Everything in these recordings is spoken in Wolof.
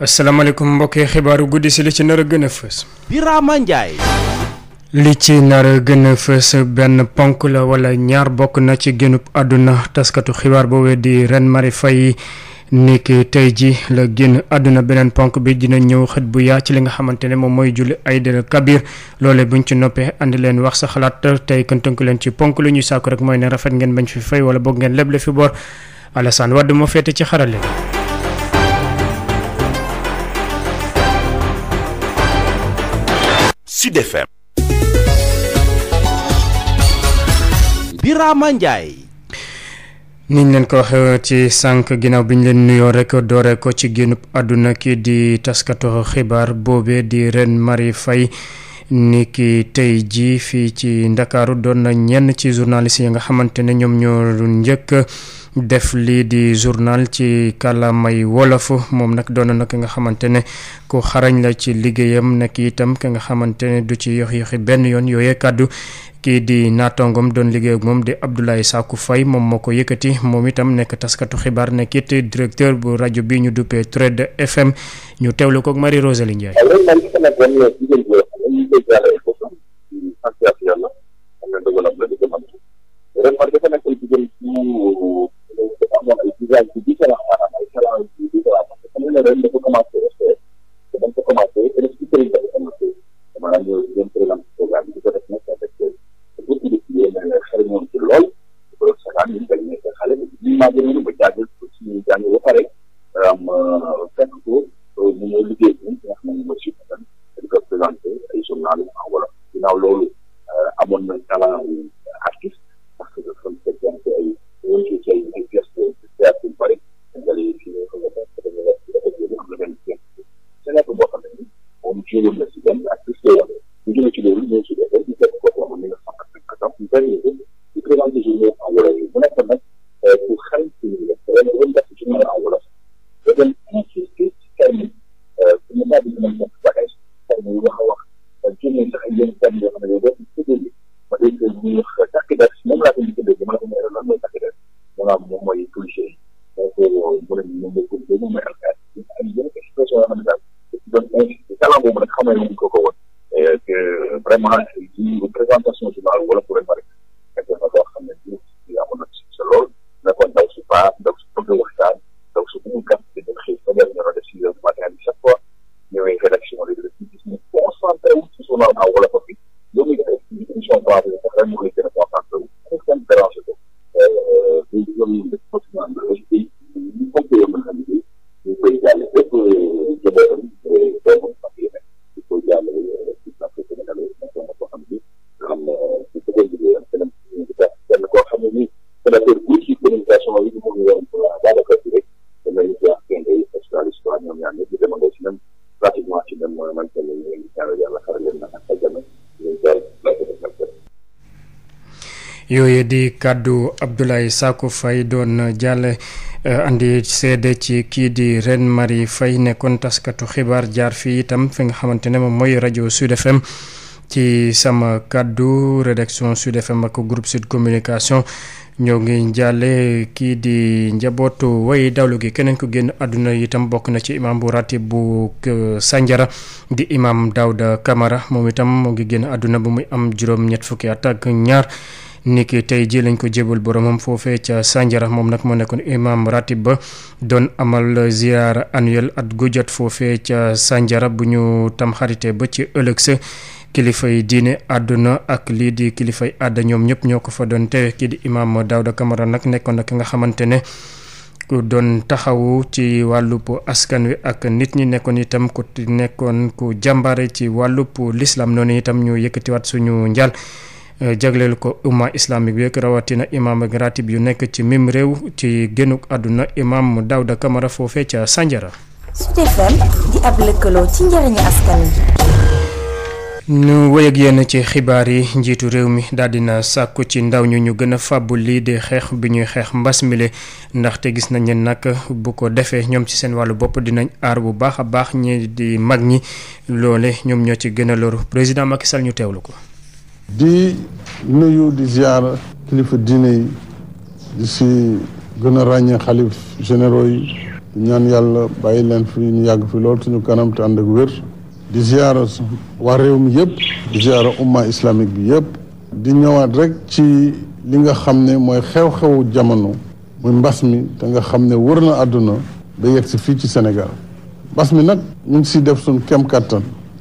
asalaamaaleykum mbokki xibaaru guddi si li ci nar a gën a fës. Birama li ci nar a fës benn ponk la wala ñaar bokk na ci génnub àdduna taskatu xibaar boobee di ren mari fay ni ki tey ji la génn àdduna beneen ponk bi dina ñëw xët bu yaa ci li nga xamante ne moom mooy julli Aïdara Kabir loole buñ ci noppee andi leen wax sa xalaat tey këntënk leen ci ponk lu ñuy sàkku rek mooy ne rafet ngeen bañ fi fay wala boog ngeen la fi boor Alassane Wade moo féete ci xarale Sud FM. Birama Ndiaye. niñ leen ko waxee ci sànq ginaaw bi ñu leen nuyoo rek doore ko ci génnub àdduna ki di taskatu xibaar boobee di Reine Marie Faye ni ki tey jii fii ci ndakaaru doon na ñenn ci journaliste yi nga xamante ne ñoom ñoo njëkk. def lii di journal ci kàllaamay wolof moom nag doon na ki nga xamante ne ku xarañ la ci liggéeyam nekk itam ki nga xamante ne du ci yox yoxi benn yoon yooyee kàddu kii di natongam doon liggéey moom di Abdoulaye Sakou Faye moom moo ko yëkkati moom itam nekk taskatu xibaar nekk it directeur bu rajo bi ñu duppee Trade FM ñu teewlu ko ak Marie Rosalie Ndiaye. parce moom ay visage bi différent maanaam ay talent yu différent parce que xam nga ne ren dafa commencé dañ ko commencé yooyu di kàddu Abdoulaye Sakho fay doon jàll eh, andi seede ci kii di Reine Marie fay nekkoon taskatu xibaar jaar fii itam fi nga xamante ne moom mooy rajo Sud FM ci sama kàddu rédaction Sud FM ak groupe Sud Communication ñoo ngi jàlle kii di njabootu way dawlu gi keneen ko génn àdduna itam bokk na ci imam bu ratib bu eh, Sandiara di imam Daouda kamara moom itam moo ngi génn àdduna bi muy am juróom-ñett fukki at ak ñaar niki tey ji lañ ko jébal boromam foofee ca sànjara moom nag moo nekkoon imam ratib ba doon amal ziar annuel at gu jot foofee ca sànjara bu ñu tamxarite ba ci ëllëg sa kilifay diine àdduna ak lii di kilifay àdda ñoom ñëpp ñoo ko fa doon teewe kii di imam Daouda Camara nag nekkoon na ki nga xamante ne ku doon taxawu ci wàllub askan wi ak nit ñi nekkoon itam ku nekkoon ku jàmbaare ci wàllu wàllub lislaam noonu itam ñu yëkkatiwaat suñu njaal jagleel ko umma islamique rawatina imam ak yu nekk ci mim réew ci génnuk àdduna imam Daouda Camara foofee ca Sandiara. Sud FM ci xibaar yi njiitu réew mi daal dina sàkku ci ndaw ñu ñu gën a fàbbu lii di xeex bi ñuy xeex mbas mile ndaxte gis nañ ne nag bu ko defee ñoom ci seen wàllu bopp dinañ aar bu baax a baax ñi di mag ñi loole ñoom ñoo ci gën a loru président Macky Sall ñu teewlu ko. di nuyu di ziar kilifa diine yi di si gën ràññee xalif généraux yi ñaan yàlla bàyyi leen fi ñu yàgg fi lool suñu kanam te ànd ak wér di ziara waa réew mi yëpp di ziara umma islamique bi yëpp di ñëwaat rekk ci li nga xam ne mooy xew-xewu jamono muy mbas mi te nga xam ne wër na àdduna ba yegg si fii ci Sénégal mbas mi nag ñu ngi siy def suñ kem kattan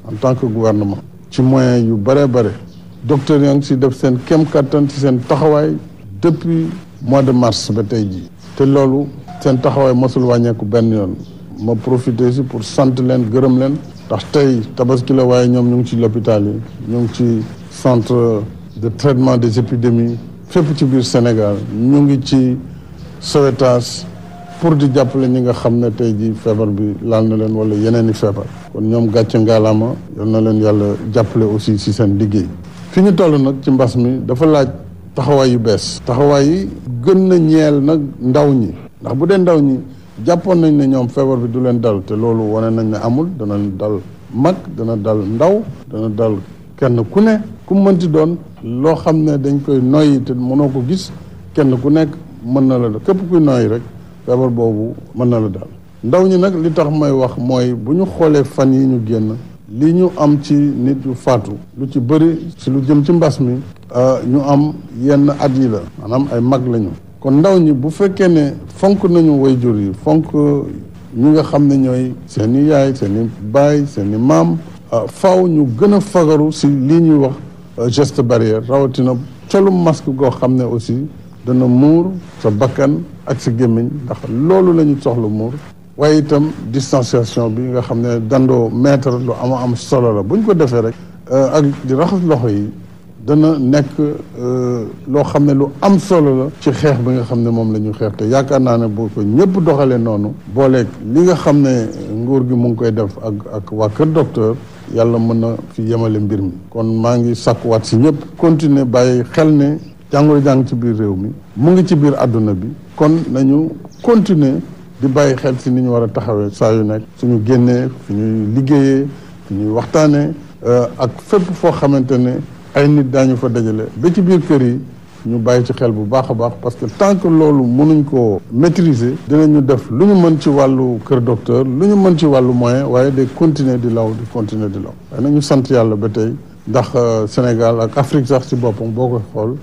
en tant que gouvernement ci moyen yu bare bare docteur yaa ngi si def seen kem kattan ci seen taxawaay depuis mois de mars ba tey jii te loolu seen taxawaay mosul wàññeeku benn yoon ma profité si pour sant leen gërëm leen ndax tey tabaski la waaye ñoom ñu ngi ci l'hôpital yi ñu ngi ci centre de traitement des épidémies fépp ci biir Sénégal ñu ngi ci Sowétas pour di jàppale ñi nga xam ne tey jii feebar bi laal na leen wala yeneen i feebar kon ñoom gàcce ngaalaama yal na leen yàlla jàppale aussi si seen liggéey fi ñu toll nag ci mbas mi dafa laaj taxawaay yu bees taxawaay yi gën na ñeel nag ndaw ñi ndax bu dee ndaw ñi jàppoon nañ ne ñoom feebar bi du leen dal te loolu wane nañ ne amul dana dal mag dana dal ndaw dana dal kenn ku ne ku mënti doon loo xam ne dañ koy noyyi te mënoo ko gis kenn ku nekk mën na la képp ku noyyi rek feebar boobu mën na la dal ndaw ñi nag li tax may wax mooy bu ñu xoolee fan yi ñu génn li ñu am ci nit yu faatu lu ci bëri si lu jëm ci mbas mi euh, ñu am yenn at yi la maanaam ay mag lañu kon ndaw ñi bu fekkee ne fonk nañu jur yi fonk ñu nga xam ne ñooy seen i yaay seen baay seen i maam euh, faw ñu gën a fagaru si lii ñuy wax euh, geste barrière rawatina colum masque goo xam ne aussi dana muur sa bakkan ak si gémmiñ ndax loolu la ñu soxla muur waaye itam distanciation bi nga xam ne dandoo mètre lu am am solo la bu ñu ko defee rek euh, ak di raxas loxo yi dana nekk euh, loo xam ne lu am solo la ci xeex bi nga xam ne moom la ñu xeex te yaakaar naa ne boo ko ñëpp doxalee noonu booleeg li nga xam ne nguur gi mu ngi koy def ak ak waa kër docteur yàlla mën na fi yemale mbir mi kon maa ngi sàkkuwaat si ñëpp continuer bàyyi xel ne jàngoro jàng ci biir réew mi mu ngi ci biir àdduna bi kon nañu continuer di bàyyi xel si ni ñu war a taxawee saa yu nekk ñu génnee fi ñuy liggéeyee fi ñuy waxtaanee euh, ak fépp foo xamante ne ay nit daañu fa dajale ba ci biir kër yi ñu bàyyi ci xel bu baax a baax parce que tant que loolu mënuñ koo maîtriser ñu def lu ñu mën ci wàllu kër docteur lu ñu mën ci wàllu moyen waaye de continuer di law di continuer di law waaye nañu sant yàlla ba tey ndax euh, Sénégal ak Afrique sax ci boppam boo ko xool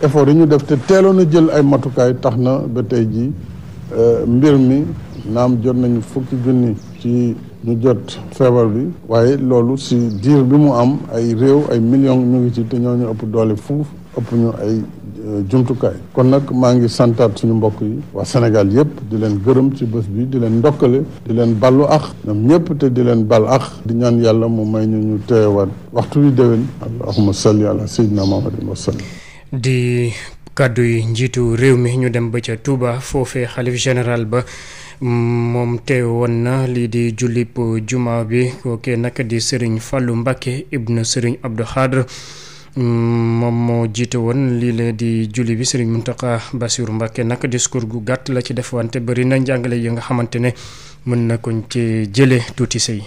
effort yi ñu def te teeloon a jël ay matukaay tax na ba tey jii Euh, mbir mi naam jot nañu fukki junni ci ñu jot feebar bi waaye loolu si diir bi mu am ay réew ay millions ñu ngi ci te ñoo ñu ëpp doole fuuf ëpp ñu ay euh, jumtukaay kon nag maa ngi santaat suñu mbokk yi waa Sénégal yëpp di leen gërëm ci bés bi di leen ndokkale di leen ballu ax ñoom ñëpp te di leen bal ax di ñaan yàlla mu may ñu ñu teewaat waxtu wi déwén allahuma salli ala sayyidina muhammadin wa sallam di kàddu yi njiitu réew mi ñu dem ba ca Touba foofee xalif général ba moom teewoon na lii di jullib juma bi kookee nag di sëriñ Fallou Mbacké ibnu sëriñ Abdou Khadre moom moo jiite woon lii la di julli bi sëriñ Mountakha Bassirou mbakke nag discours gu gàtt la ci def wante na njàngale yi nga xamante ne mën na koñ ci jële tuuti sëy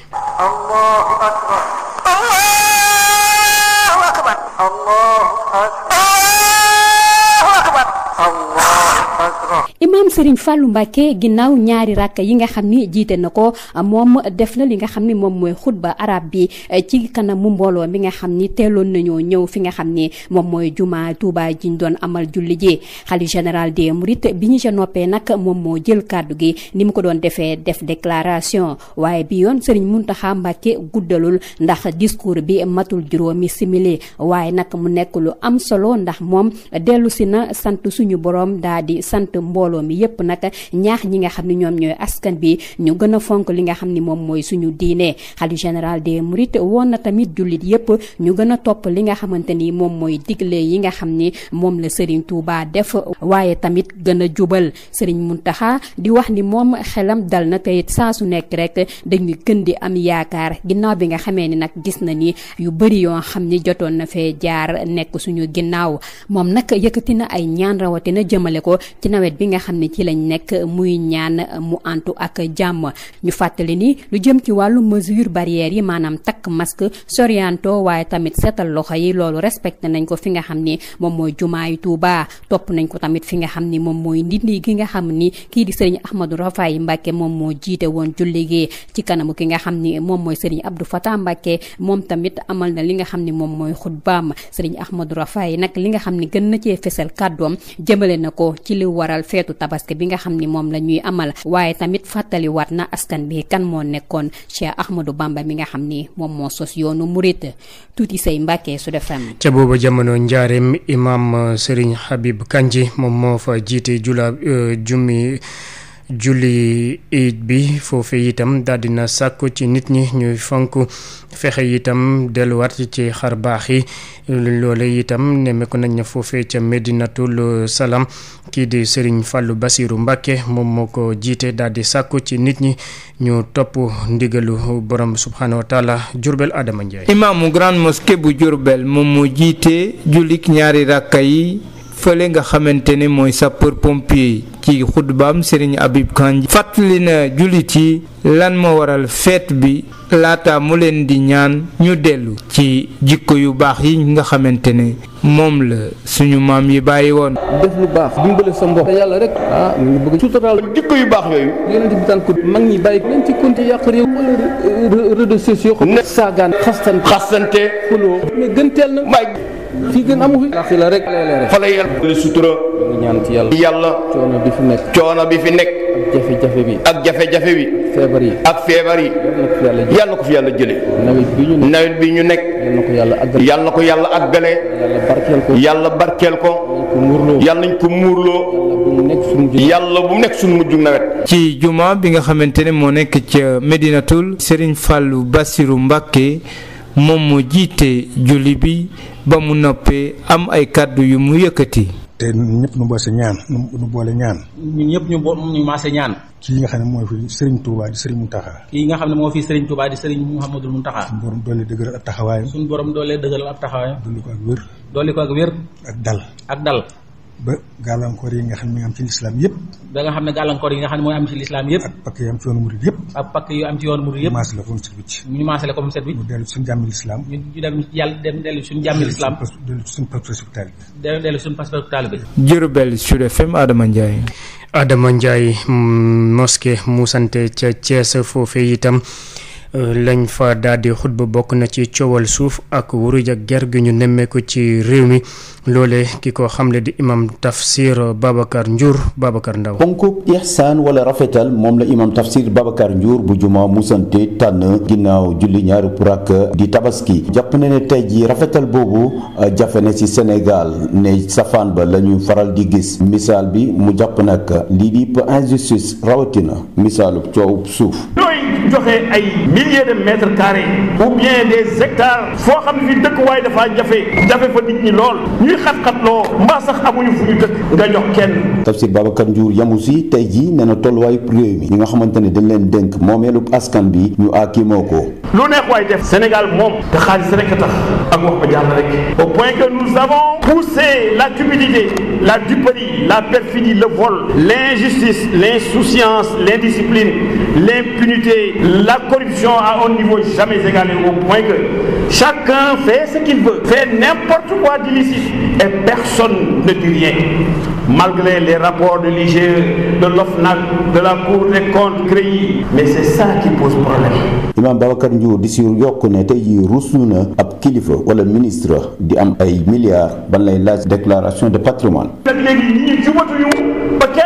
maam Serigne Fallou Mbacké ginnaaw ñaari rakk yi nga xam ni jiite na ko moom def na li nga xam ni moom mooy xutba arab bi eh, ci kanam mu mbooloo bi nga xam ni teeloon nañoo ñëw fi nga xam ni moom mooy juma Touba jiñ doon amal julli ji xali général des murit bi ñu ca noppee nag moom moo jël kàddu gi ni mu ko doon defee def déclaration waaye bi yoon sëriñ Serigne Mountakha Mbacké guddalul ndax discours bi matul juróomi simili waaye nag mu nekk lu am solo ndax moom dellu si na sant suñu borom daa di sant mbooloo mbooloo mi yépp nag ñaax ñi nga xam ne ñoom ñooy askan bi ñu gën a fonk li nga xam ni moom mooy suñu diinee xalifa général de mourides woon na tamit jullit yépp ñu gën a topp li nga xamante ni moom mooy digle yi nga xam ni moom la sëriñ Touba def waaye tamit gën a sëriñ mun taxa di wax ni moom xelam dal na tey saa su nekk rek dañuy gën di am yaakaar ginnaaw bi nga xamee ni nag gis na ni yu bëri yoo xam ni jotoon na fee jaar nekk suñu ginnaaw moom na xam ne ci lañ nekk muy ñaan mu antu ak jàmm ñu fàttali ni lu jëm ci wàllu mesure barrière yi maanaam takk masque sorianto waaye tamit seetal loxo yi loolu respecté nañ ko fi nga xam ni moom mooy jumaayu Tuuba topp nañ ko tamit fi nga xam ni moom mooy ndindi gi nga xam ni kii di sëriñ Ahmadou Rafaay Mbàkke moom moo jiite woon julli ci kanamu ki nga xam ni moom mooy sëriñ Abdou Fatah Mbàkke moom tamit amal na li nga xam ni moom mooy xutbaam sëriñ Ahmadou Rafaay nag li nga xam ni gën na cee fesal kàddoom jëmale na ko ci li waral feetu tabaski bi nga xam ni moom la ñuy amal waaye tamit fàttali waat na askan bi kan moo nekkoon Cheikh Ahmadou Bamba mi nga xam ni moom moo sos yoonu murit tuuti say Mbàkke Sud FM ca booba jamono njaareem imaam Serigne Habib Kandji moom moo fa jiite jula euh, jummi julli iid bi foofe itam daal na sàkku ci nit ñi ñuy fonk fexe itam delluwaat ci xar baax yi loole itam nemmeeku nañ ne foofe ca Medinatul Salaam kii di sëriñ Fallou basiiru Mbacké moom moo ko jiite daal di sàkku ci nit ñi ñu topp ndigalu borom subhaanahu wa taala Jurbel Adama Ndiaye imaamu grande mosquée bu Jurbel moom moo jiite jullik ñaari rakka yi fële nga xamante ne mooy sapeur pompier ci xutbaam Serigne Habib Kandji fàttali na jullit yi lan moo waral feet bi laata mu leen di ñaan ñu dellu ci jikko yu baax yi nga xamante ne moom la suñu maam yi bàyyi woon. def lu baax dimbale sa mbokk te yàlla rek ah yu baax yooyu. yonent bi tànk mag ñi bàyyi nañ ci compte yàq réew wala réseaux sociaux. ne saagaan xastante xastante xuloo mais gën teel na. fii gën amu fi. fi la rek fa yàlla sutura. yàlla. yàlla nekk. coono bi fi nekk. jafe bi. ak jafe-jafe bi. feebar yi ak feebar yi. yal ko fi yàlla jëlee. bi ñu nekk nawet ko yàlla àggale. yàlla ko yàlla barkeel ko. yàlla ko muurloo. yàlla bu mu nekk suñu mujj nawet. ci jumaa bi nga xamante ne moo nekk ca Medinatul Serigne Fallou basiru Mbacké. moom mu jiitee julli bi ba mu noppee am ay kàddu yu mu yëkkati. te ñun ñëpp ñu boose ñaan ñu boole ñaan. ñun ñëpp ñu bo ñu maase ñaan. kii nga xam ne mooy fi Serigne Touba di Serigne Mountakha. kii nga xam ne moo fi Serigne Touba di Serigne mu Mountakha. suñu borom doolee dëgëral ab taxawaayam. suñu borom doolee dëgëral ab taxawaayam. dolli ko ak wér. dolli ko ak wér. ak dal. ak dal. ba gàllankoor yi nga xam ne am ci lislaam yëpp ba nga xam ne gàllankoor yi nga xam ne mooy am ci lislaam yëpp ak pakk yu am ci yoonu murid yëpp ak pakk yu am ci yoonu murid yëpp maas la ko mu set wicc ñu la ko mu set wicc ñu dellu ci suñu jàmmi lislaam ñu ñu dem yàlla dem dellu suñu jàmmi lislaam dellu suñu pas-pasu bi dellu suñu pas-pasu taalibe bi Diourbel Sud FM Adama Ndiaye Adama Ndiaye mm, mosquée mu sante ca Thiès foofe itam lañ fa daal di xutba bokk na ci coowal suuf ak wuruj ak gi ñu nemmeeku ci réew mi loole ki ko xamle di imam tafsir Babacar njur Babacar Ndaw ponku ihsaan wala rafetal moom la imam tafsir Babacar Ndiour bu juma musante tànn ginnaaw julli ñaari purak di tabaski jàpp na ne tey ji rafetal boobu euh, jafe na ci Sénégal ne safaan ba la faral di gis misaal bi mu jàpp nag lii di injustice rawatina misaalub coowub suuf joxe ay milliers de mètres carrés ou bien des hectares foo xam ne fi dëkkuwaay dafaa jafe jafe fa nit ñi lool ñuy xat-xatloo mbaa sax amuñu fu ñu dëkk nga jox kenn. Tafsir Babacar Ndiour yamu si tey jii nee na tolluwaayu réew mi ñi nga xamante ne dañ leen dénk moomeelu askan bi ñu aakimoo ko. lu neex waay def Sénégal moom te xaalis a tax ak wax ba jàll rek au point que nous avons poussé la cupidité la duperie la perfidie le vol l'injustice l'insouciance la corruption à un niveau jamais égalé au point que chacun fait ce qu'il fait n'importe quoi d'illicite et personne ne dit rien. Malgré les rapports de l'IGE, de l'OFNAC, de la Cour des comptes CREI, mais c'est ça qui pose problème. Imam Babacar Ndiour di si yokk ne tey jii ruus na ab kilifa wala ministre di am ay milliards ban la laaj déclaration de patrimoine. nag léegi ñi jubatuñu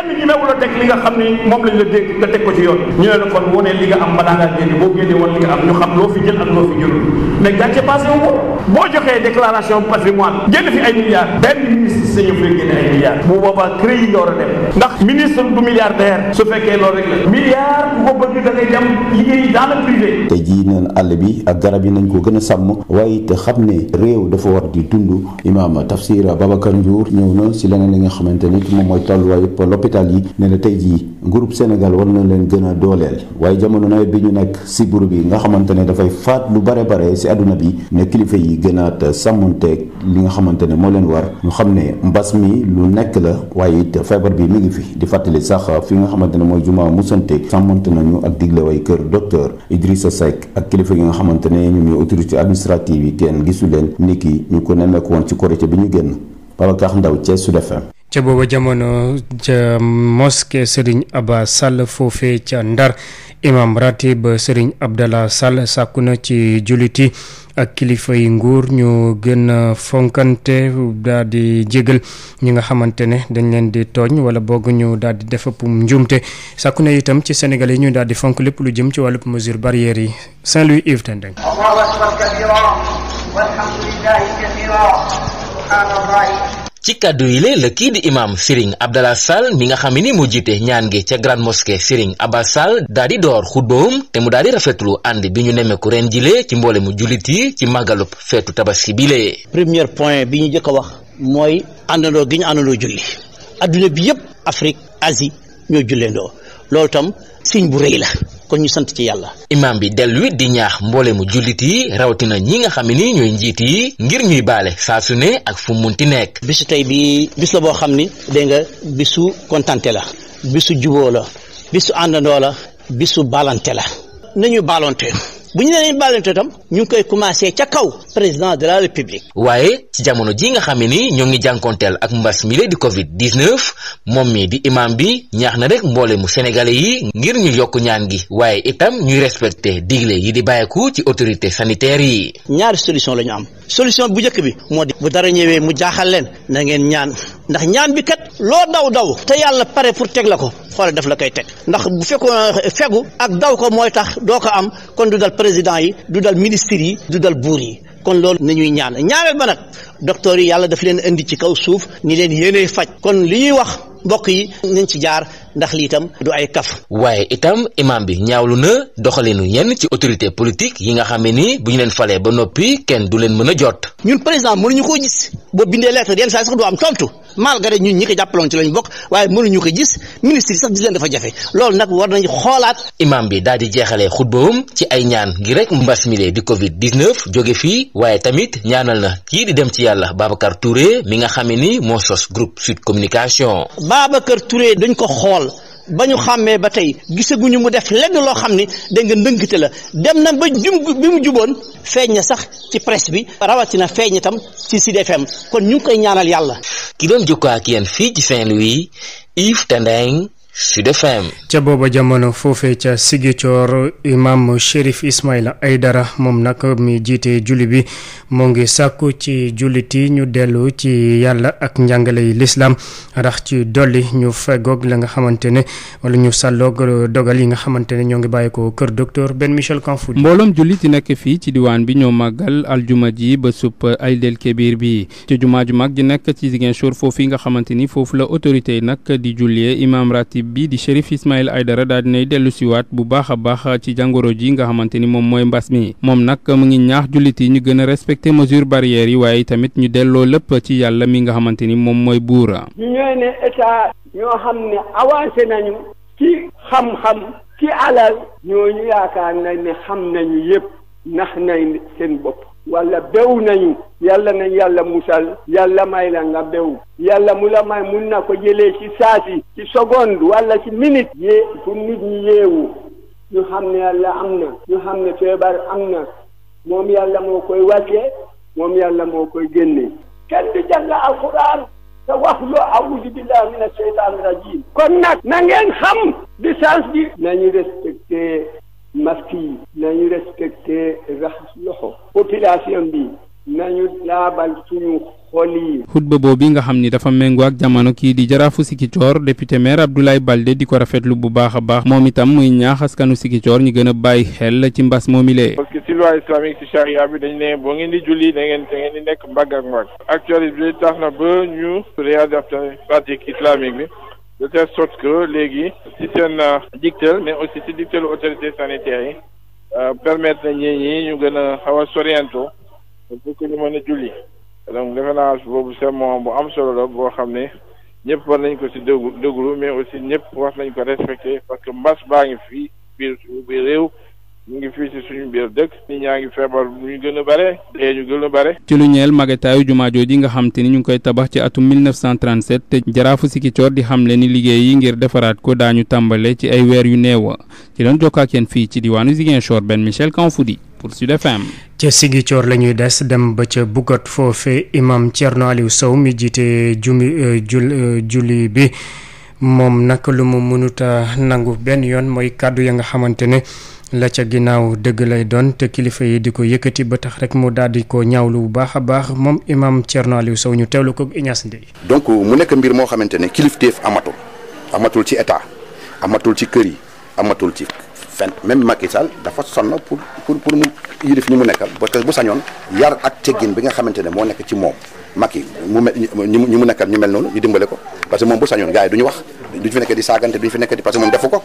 kenn ñemewu la teg li nga xam ni moom lañ la dégg nga teg ko ci yoon ñu ne la kon wonee li nga am balaa ngaa génne boo génnee woon li nga am ñu xam loo fi jël ak loo fi jël mais gàcce passé wu ko boo joxee déclaration patrimoine génn fi ay milliards benn ministre sañu fi génne ay milliards bu boobaa créé yi nga war a dem ndax ministre du milliardaire su fekkee loolu rek la milliard bu ko bëgg da ngay dem liggéey dans le privé te jii neen àll bi ak garab yi nañ ko gën a sàmm waaye te xam ne réew dafa war di dund imaam Tafsir Babacar Ndiour ñëw na si leneen li nga xamante ni moom mooy tolluwaayu l'hôpital hôpital yi nee na tey jii group Sénégal war na leen gën a dooleel waaye jamono nawet bi ñu nekk si buru bi nga xamante ne dafay faat lu bare bare si àdduna bi ne kilifa yi gën a sàmmonteeg li nga xamante ne moo leen war ñu xam ne mbas mi lu nekk la waaye it feebar bi mi ngi fi di fàttali sax fi nga xamante ne mooy jumaa musante sàmmonte nañu ak digle way kër docteur Idrissa Seck ak kilifa yi nga xamante ne ñoom autorité administrative yi kenn gisu leen nit ki ñu ko nemmeeku woon ci korité bi ñu génn Babacar Ndaw Thiès Sud FM ca booba jamono ca mosquée Serigne Abba Sall foofee ca Ndar imam ratib Serigne Abdallah Sall sàkku na ci julliti ak kilifa yi nguur ñu gën a fonkante daal jégal ñi nga xamante ne dañ leen di tooñ wala boog ñu daal di def pum njuumte sàkku na itam ci senegal yi ñu daal di fonk lépp lu jëm ci wàllub mesure barrière yi saint ci kàddu yi le la kii di imaam Serigne Abdallah Sall mi nga xam ni mu jiite ñaan gi ca Grande Mosquée Serigne Abba Sall daa di door xutbawum te mu daal di rafetlu ànd bi ñu nemmeeku ren jile ci mboole mu jullit yi ci màggalub feetu tabaski bi lee. premier point bi ñu jëkk a wax mooy àndandoo gi ñu àndandoo julli adduna bi yëpp Afrique Asie ñoo julleendoo loolu tam signe bu rëy la. kon ñu sant ci yàlla imaam bi dellu di ñaax mboole mu jullit yi rawatina ñi nga xam ni ñooy njiit yi ngir ñuy baale saa su ne ak fu mun ti nekk bisu tey bi bis la boo xam ni dégg nga bisu kontante la bisu juboo la bisu àndandoo la bisu balante la nañu baalonte bu ñu nee nañu baalonte tam ñu ngi koy commencé ca kaw président de la république. waaye ci jamono ji nga xam ne ni ñoo ngi jànkonteel ak mbas mi di Covid 19 moom mii di imam bi ñaax na rek mboole mu sénégalais yi ngir ñu yokk ñaan gi waaye itam ñuy respecté digle yi di bàyyeeku ci autorité sanitaire yi. ñaari solution la ñu am solution bu njëkk bi moo di bu dara ñëwee mu jaaxal leen na ngeen ñaan ndax ñaan bi kat loo daw daw te yàlla pare pour teg la ko xoolal def la koy teg ndax bu fekkoon fegu ak daw ko mooy doo ko am kon ministres yi du dal buur yi kon loolu nañuy ñaan ñaareel ba nag docteur yi yàlla daf leen indi ci kaw suuf ni leen yéenay faj kon li ñuy wax mbokk yi nañ ci jaar ndax lii itam du ay kaf. waaye itam imaam bi ñaawlu na doxalinu yenn ci autorité politique yi nga xam ne ni bu ñu leen falee ba noppi kenn du leen mën a jot. ñun président mënuñu koo gis boo bindee lettre yenn saa sax du am tontu malgré ñun ñi ko jàppaloon ci lañ bokk waaye mënuñu ko gis ministre yi sax gis leen dafa jafe loolu nag war nañu xoolaat. imaam bi daal di jeexalee xutbawam ci ay ñaan gi rek mbas mi di Covid 19 jóge fii waaye ñaanal na kii di dem ci yàlla Babacar Touré nga xam ni moo sos groupe Sud Communication. kër ture dañ ko xool ba ñu xàmmee ba tey gisaguñu mu def lenn loo xam ni da nga ndëngte la dem na ba jum bi mu juboon feeñ na sax ci presse bi rawatina feeñ itam ci Sud FM kon ñu ngi koy ñaanal yàlla. ki doon jokkoo ak yéen fii ci Saint-Louis Yves Tendeng Sud FM. ca booba jamono foofee ca Sigicoor imam Chérif ay dara moom nag mi jiitee julli bi moo ngi sàkku ci julliti ñu dellu ci yàlla ak njàngale yi lislaam rax ci dolli ñu fegoog la nga xamante ne wala ñu sàlloog dogal yi nga xamante ne ñoo ngi bàyyi ko kër docteur benn Michel Kanfoudi. mbooloom jullit yi nekk fii ci diwaan bi ñoo màggal aljuma ji ba supp Aydel Kébir bi ci jumaa ju mag ji nekk ci Ziguinchor foofu yi nga xamante ni foofu la autorité yi nag Habib bi di Chérif Ismaïl Aïdara daal dinay dellu siwaat bu baax a baax ci jàngoro ji nga xamante ni moom mooy mbas mi moom nag mu ngi ñaax jullit yi ñu gën a respecté mesure barrières yi waaye tamit ñu delloo lépp ci yàlla mi nga xamante ni moom mooy buura ñu ñooy ne état ñoo xam ne avancé nañu ci xam-xam ci alal ñooñu yaakaar nañ ne xam nañu yépp nax nañ seen bopp wala bew nañu yàlla nañ yàlla musal yàlla may la nga bew yàlla mu la may mun na ko jële ci saasi ci seconde walla ci minute yée pour nit ñi yeewu ñu xam ne yàlla am na ñu xam ne feebar am na moom yàlla moo koy wàcce moom yàlla moo koy génne kenn du jàng alxuraan te wax loo awuzu billahi min asheytaan rajim kon nag na ngeen xam distance bi nañu respecté masque nañu respecté raxas loxo population bi nañu laabal suñu xol yi. xutba boobu nga xam ni dafa méngoo ak jamono kii di jaraafu Sikicoor député maire Abdoulaye Balde di ko rafetlu bu baax a baax moom itam muy ñaax askanu Sikicoor ñi gën a bàyyi xel ci mbas moomile. loi islamique ci charia bi dañ ne boo ngeen di julli dangeen ngeen da ngeen di nekk mbagg ak mbagg actualité bi tax na ba ñu réadapté pratique islamique bi de telle léegi ci seen euh, dictal mais aussi ci dictalu autorité Euh, permettre na ñii ñi ñu gën a xaw a soriento pour que ñu mën julli donc defe boobu c'est bu am solo la boo xam ne ñëpp war nañ ko ci déglu déglu mais aussi ñëpp wax nañ ko respecter parce que mbas baa ngi fii biir biir réew ñu ngi fii ci suñu biir dëkk nit ñaa ngi feebar ñu gën bare dee ñu bare ci lu ñeel màggetaayu jumaa jooji nga xam ni ñu ngi koy tabax ci atum 1937 te jaraafu Sikicoor di xamle ni liggéey yi ngir defaraat ko daañu tàmbale ci ay weer yu néew ci doon jokkoo ak yéen fii ci diwaanu Ziguinchor Ben Michel Kanfoudi pour su Sud FM ca Sigicoor la ñuy des dem ba ca Bougot foofe imam Thierno Aliou Sow mi jiite jumi euh, jul euh, julli bi moom nag lu mu mënuta nangu benn yoon mooy kàddu ya nga xamante ne la ca ginnaaw dëgg lay doon te kilifa yi di ko yëkkati ba tax rek mu daal di ko ñaawlu bu baax a baax moom imaam Thierno Aliou Sow ñu teewlu ko Ignace Ndeye. donc mu nekk mbir moo xamante ne kilifteef amatul amatul ci état amatul ci kër yi amatul ci fen même Macky Sall dafa sonn pour pour pour mu yilif ñi mu nekkal ba bu sañoon yar ak teggin bi nga xamante moo nekk ci moom Macky mu ñi mu nekkal ñu mel noonu ñu dimbale ko parce que moom bu sañoon gars yi du ñu wax duñ fi saagante duñ fi nekk di que moom ko.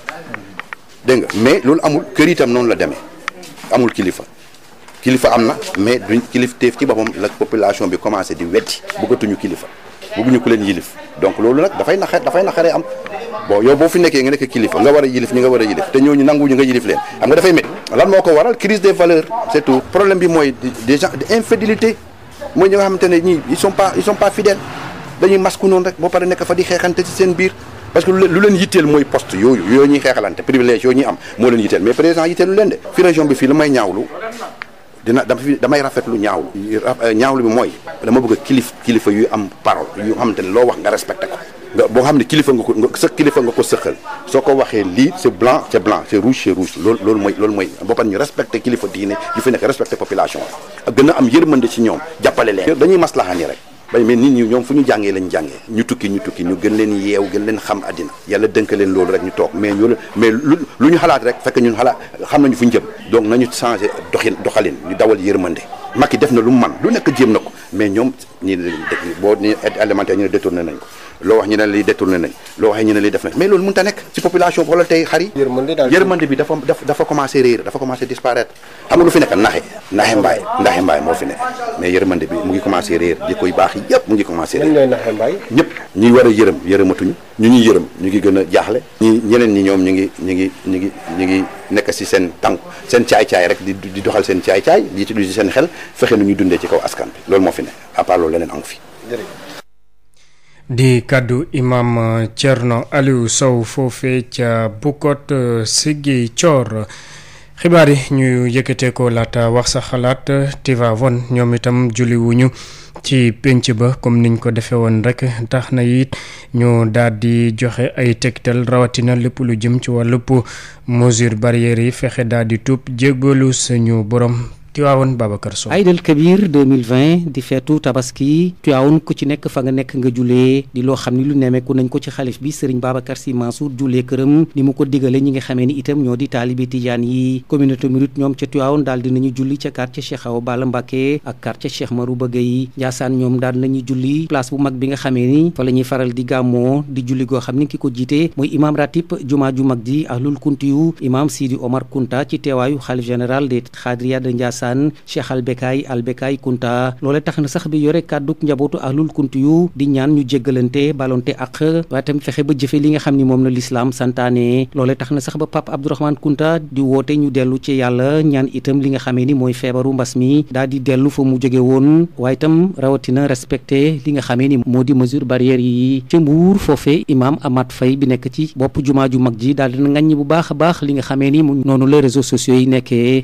dégg nga mais loolu amul kër itam noonu la demee amul kilifa kilifa am na mais duñ kilif téef ci boppam la population bi commencé di wetti bëggatuñu kilifa ñu ku leen yilif donc loolu nag dafay naxa dafay naxaree am bon yow boo fi nekkee nga nekk kilifa nga war a yilif ñi nga war a yilif te ñooñu ñu nga yilif leen xam nga dafay métti lan moo ko waral crise des valeurs c'est problème bi mooy des gens infidélité mooy ñi nga xamante ne ñii ils sont pas ils sont pas fidèles dañuy masku noonu rek boo pare nekk fa di xeexante ci seen biir parce que lu leen yitteel mooy poste yooyu yooyu ñuy xeexalante privilège yooyu ñuy am moo leen yitteel mais président yitteelu leen de fi région bi fii la may ñaawlu dina damay rafetlu ñaawlu euh, ñaawlu bi mooy dama bëgg kilif kilifa yu am parole yu xam ne loo wax nga respecté boo xam ne kilifa nga ko sa kilifa nga ko sëqal soo ko waxee lii c'est blanc c'est blanc c'est rouge c'est rouge loolu loolu mooy loolu mooy ba pare ñu respecté kilifa diine yu fi nekk respecté population ak gën a am yërmande ci ñoom jàppale leen dañuy maslaxaan yi rek bay mais nit ñi ñoom fu ñu jàngee lañ jàngee ñu tukki ñu tukki ñu gën leen yeew gën leen xam addina yàlla dënk leen loolu rek ñu toog mais ñu mais lu ñu xalaat rek fekk ñu xalaat xam nañu fu ñu jëm donc nañu changé doxin doxalin ñu dawal yërmande Macky def na lu mu man lu nekk jéem na ko mais ñoom ñi ne boo ni aide alimentaire ñu ne détourné nañ loo wax ñu ne lii détourné loo waxee ñu ne lii def nañ mais loolu mënut a nekk si population xoolal tey xar yi yërmande bi dafa dafa commencé réer dafa commencé disparaître xam nga lu fi nekk naxe naxe mbaay naxe mbaay moo fi nekk mais yërmande bi mu ngi commencé réer di koy baax yëpp mu ngi commencé réer ñi war a yërëm yërëmatuñu ñu ñuy yërëm ñu ngi gën a jaaxle ñi ñeneen ñi ñoom ñu ngi ñu ngi ñu ngi ñu ngi nekk si seen tànk seen caay-caay rek di di doxal seen caay-caay di utiliser seen xel fexe nu ñuy dundee ci kaw askan bi loolu moo fi ne à part loolu leneen angu fi di kàddu imam euh, Thierno Aliou Sow foofe ca Bukot euh, Sigi coor xibaar yi ñuy yëkkatee ko laata wax sa xalaat Tivaouane ñoom itam julli ci pénc ba comme ni niñ ko defee woon rek tax na it ñu daal di joxe ay tegtal rawatina lépp lu jëm ci wàllub mesure barrière yi fexe daal di tuub jéggalu suñu borom. Tiwaawoon Babacar Sow Aïd el Kabir 2020 di feetu tabaski Tiwaawoon ku ci nekk fa nga nekk nga julee di loo xam ni lu nemeeku nañ ko ci xalif bi Serigne Babacar Sy Mansour julee këram ni mu ko digale ñi nga xamee ni itam ñoo di taalibi tijaan yi communauté murit ñoom ca Tiwaawoon daal dinañu julli ca quartier Cheikh Awa Balla Mbacké ak quartier Cheikh Marouba Gueye Ndiassane ñoom daal nañu julli place bu mag bi nga xamee ni fa la ñuy faral di gàmmoo di julli goo xam ni ki ko jiite mooy imam ratib jumaa ju mag ji yu imam Sidi Omar Kunta ci Alassane Cheikh Albekaay Albekaay Kunta loole tax na sax bi yore kàdduk njabootu ahlul kunti yu di ñaan ñu jéggalante balonte ak waaye tam fexe ba jëfe li nga xam ni moom la lislaam santaane loole tax na sax ba Pape Abdourahmane Kunta di woote ñu dellu ci yàlla ñaan itam li nga xamee ni mooy feebaru mbas mi daal di dellu fa mu jóge woon waaye tam rawatina respecté li nga xamee ni moo di mesure barrière yi ca Mbuur foofe imaam Amath Faye bi nekk ci bopp jumaa ju mag ji daal dina a yi nekkee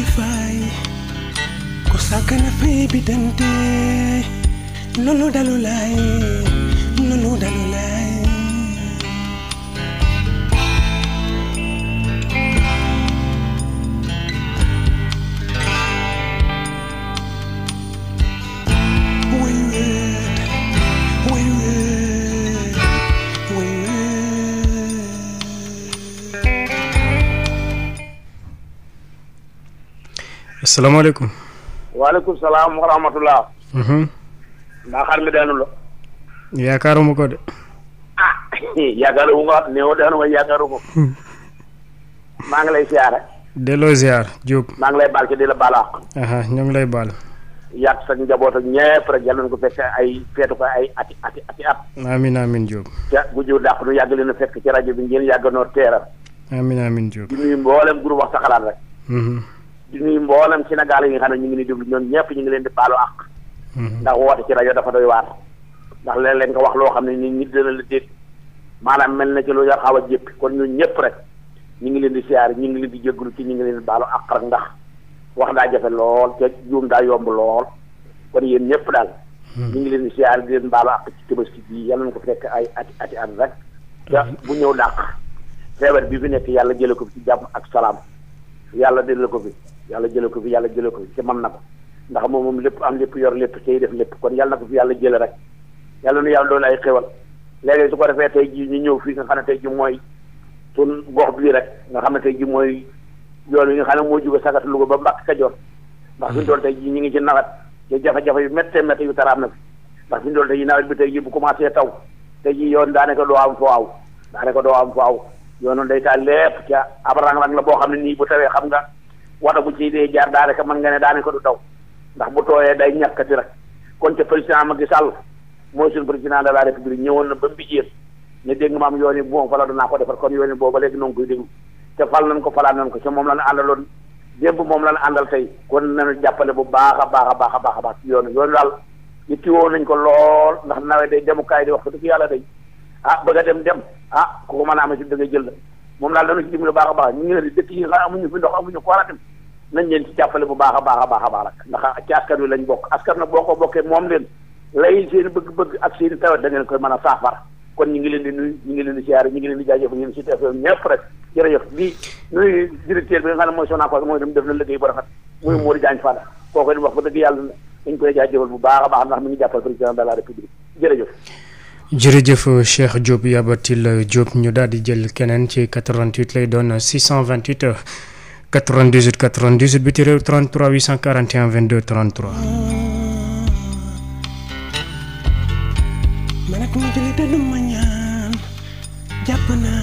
defy ko sàggana fay bi dante loolu dalu laay loolu dalu laay salaamaaleykum. waaleykum salaam wa rahmatulah. mbaa mhm. xar mi daanu la. ko de. ah yaakaaruma ko ah néew daanu ma yaakaaruma ko. maa ngi lay siyaare. delloo ziar Diop. maa ngi lay baal ci di la baalaax. ñoo ngi lay baal. yàgg sa njaboot ak ñëpp rek yàlla na ko fekk ay feetu ko ay ati ati ati at. amiin amiin Diop. te bu jiw dàq nu yàgg leen fekk ci rajo bi ngeen yàgg noo teeral. amiin amiin Diop. di nuyu mboolem wax sa xalaat rek. Mhm. di nuyu mboolem Sénégal yi nga xam ne ñu ngi ni déglu ñoom ñëpp ñu ngi leen di baalu àq. Mhm. ndax woote ci rajo dafa doy waar. ndax léeg-léeg ko wax loo xam ne nit ñi dina la dégg maanaam mel na ci lu yor xaw a jëpp kon ñun ñëpp rek ñu ngi leen di siyaar ñu ngi leen di jégalu ci ñu ngi leen di baalu àq rek ndax wax daa jafe lool te juum daa yomb lool kon yéen ñëpp daal. Mhm. ñu ngi leen di siyaar di leen baalu àq ci tabaski bi yal nañu ko fekk ay ati ati at rek. Mhm. bu ñëw dàq feebar bi fi nekk yàlla jële ko ci jàmm ak salaam yàlla delloo ko fi yàlla jëlee ko fi yàlla jëlee ko fi ci mën na ko ndax moom moom lépp am lépp yor lépp cay def lépp kon yàlla na ko fi yàlla jëlee rek yàlla nu yàlla doon ay xéwal léegi su ko defee tey jii ñu ñëw fii nga xam ne tey ji mooy sun gox bii rek nga xam ne ji mooy yoon yi xam ne moo jóge sagat ko ba Mbàkke Kajoor ndax fi ñu doon tey ji ñu ngi ci nawet ci jafe-jafe yu méttee méttee yu taraam na fi ndax fi ñu doon tey ji nawet bi tey ji bu commencé taw tey ji yoon daanaka doo am foo aw daanaka doo am foo yoonu ndeytaan lépp ca ab rang-rang la boo xam ne nii bu tawee xam nga wata bu ci dee jaar daanaka mën nga ne ko du daw ndax bu tooyee day ñàkkati rek kon ca président Macky Sall mooy suñu président de la république ñëwoon na ba mbijéen ne dégg maam yoon yi moom fala danaa ko defar kon yoon yi booba léegi noonu koy déglu te fal nañ ko falaat nañ ko ca moom la ñu àndaloon démb moom la ñu àndal tey kon nañu jàppale bu baax a baax a baax a baax a baax yoon yoonu daal yittewoo nañ ko lool ndax nawet day demukaay di wax ko dëgg yàlla day ah bëgg a dem dem ah ku ko mën a amee si da jël la moom daal dana baax a ñu ngi leen di dëkk yi nga xam amuñu fi ndox leen ci jàppale bu baax a baax a baax a baax ndax ci askan wi lañ bokk ko bokkee moom leen lay bëgg-bëgg ak seen da ngeen koy mën a saafara kon ñu ngi leen di nuyu ñu ngi leen di siyaare ngi leen di jaajëf ñeen si TFM ñëpp rek jërëjëf lii nuyu directeur bi nga xam mooy Sonacos mooy bu rafet muy Modou Diagne Fada kooku wax ba dëgg yàlla dañ bu baax a baax ndax mi ngi jàppal jërëjëf Cheikh Diop Yabatil Diop ñu daal di jël keneen ci 88 lay doon 628 98 98 biti réew 33 841 22 33. man ak ma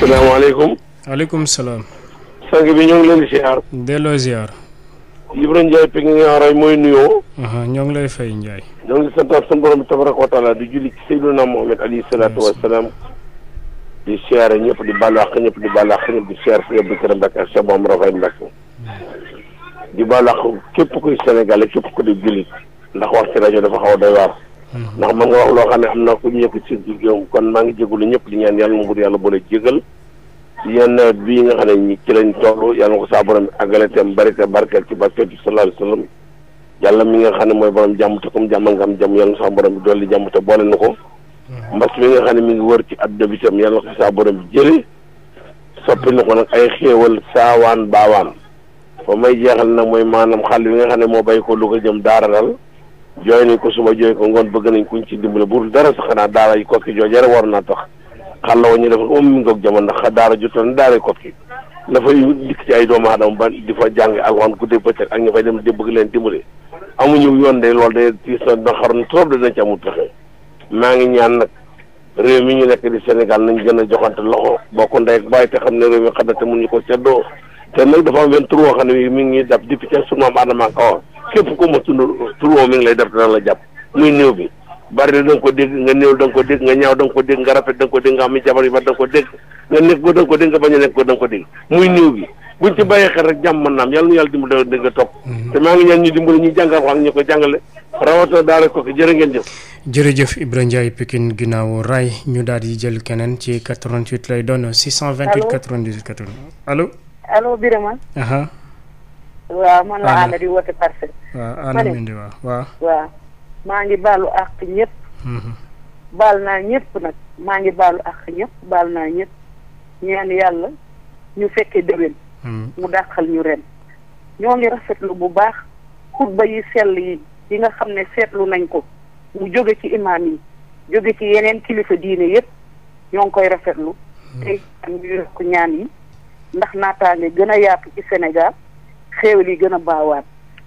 salaamaaleykum. waaleykum salaam. sang bi ñoo ngi leen di ziar. delloo ziar. Ibra Ndiaye Peking Niaroy mooy nuyoo. ñoo ngi lay fay Ndiaye. ñoo ngi santaat sunu borom bi tabaraka wa taala di julli ci Seydina Mohamed alayhi salaatu wa salaam. di siyaare ñëpp di baalu àq ñëpp di baalu àq ñëpp di siyaare si Abdou Karim Mbacké ak Cheikh Mame Rafahi Mbacké di baalu àq képp kuy Sénégalais képp ku di jullit ndax wax ci rajo dafa xaw a doy waar. ndax man nga wax loo xam ne am na ku ñëpp kon maa ngi jégalu ñëpp li ñaan yàlla mu bur yàlla boole jégal ci yenn nawet bii nga xam ne ñi ci lañ toll yàlla na ko saa borom àggale te bari te barkeel ci barkeel bi yàlla mi nga xam ne mooy borom jàmm te jàmm nga am jàmm yàlla na saa borom boole na ko mm-hmm. mbas mi nga xam ne mi ngi wër ci adduna bi tam yàlla na ko saa borom bi jëlee soppi na ko nag ay xéewal saawaan baawaan fa may jeexal nag mooy maanaam xal yi nga xam ne moo bay ko lu ko jëm daara dal jooy nañ ko suba jooy ko ngoon bëgg nañ kuñ ci dimbale bu dara sax xanaa daara yi kokki joojee rek war naa tax xalla wa ñu def um mi ngoog jamono ndax daara jotoon na daara kokki la fay dikk ci ay doomu ba di fa jàng ak wan ku dégg ak ñu fay dem bëgg leen dimbale amuñu yoon de loolu day tiis na na xaroon trop de dinañ ci amul pexe maa ngi ñaan nag réew mi ñu nekk di Sénégal nañ gën a joxante loxo bokk ndey ak bàyyi te xam ne réew mi xam ne te mënuñu ko seddoo te nag dafa am benn tur woo xam ne mi ngi dab depuis ca sunu Adama Kawar képp ku ma tund tur woo lay dab dana la jàpp muy néew bi bari da nga ko dégg nga néew da nga ko dégg nga ñaaw da nga ko dégg nga ko dégg nga am ko dégg nga nekk ko da nga ko dégg nga bañ a nekk ko da nga ko dégg muy néew bi buñ ci bàyyee xel rek jàmm mën naam yàlla nu yàlla dimbali topp mm-hmm. te maa ngi ñaan ñu dimbali ñu jàngal wax ñu ko jàngale rawatina daara ko ki jërë ngeen jëf jërëjëf Ibra Ndiaye Pikine ginnaaw ray ñu daal jël keneen ci lay doon 628 allo Birama. waaw man la Anna di woote parcelle. waaw Anna Mindi mhm. maa ngi baalu àq ñëpp. baal naa ñëpp nag maa ngi baalu àq ñépp bal naa ñëpp ñaan yàlla ñu fekkee déwén. Mhm. mu dàqal ñu ren. ñoo ngi rafetlu bu baax xutba yi sell yi yi nga xam ne seetlu nañ ko mu jóge ci imaam yi jóge ci yeneen kilifa diine yëpp ñoo ngi koy rafetlu. Mhm. tey am ñu yokk ñaan yi. ndax naataange gën a yaatu ci Sénégal xéewal yi gën a baawaat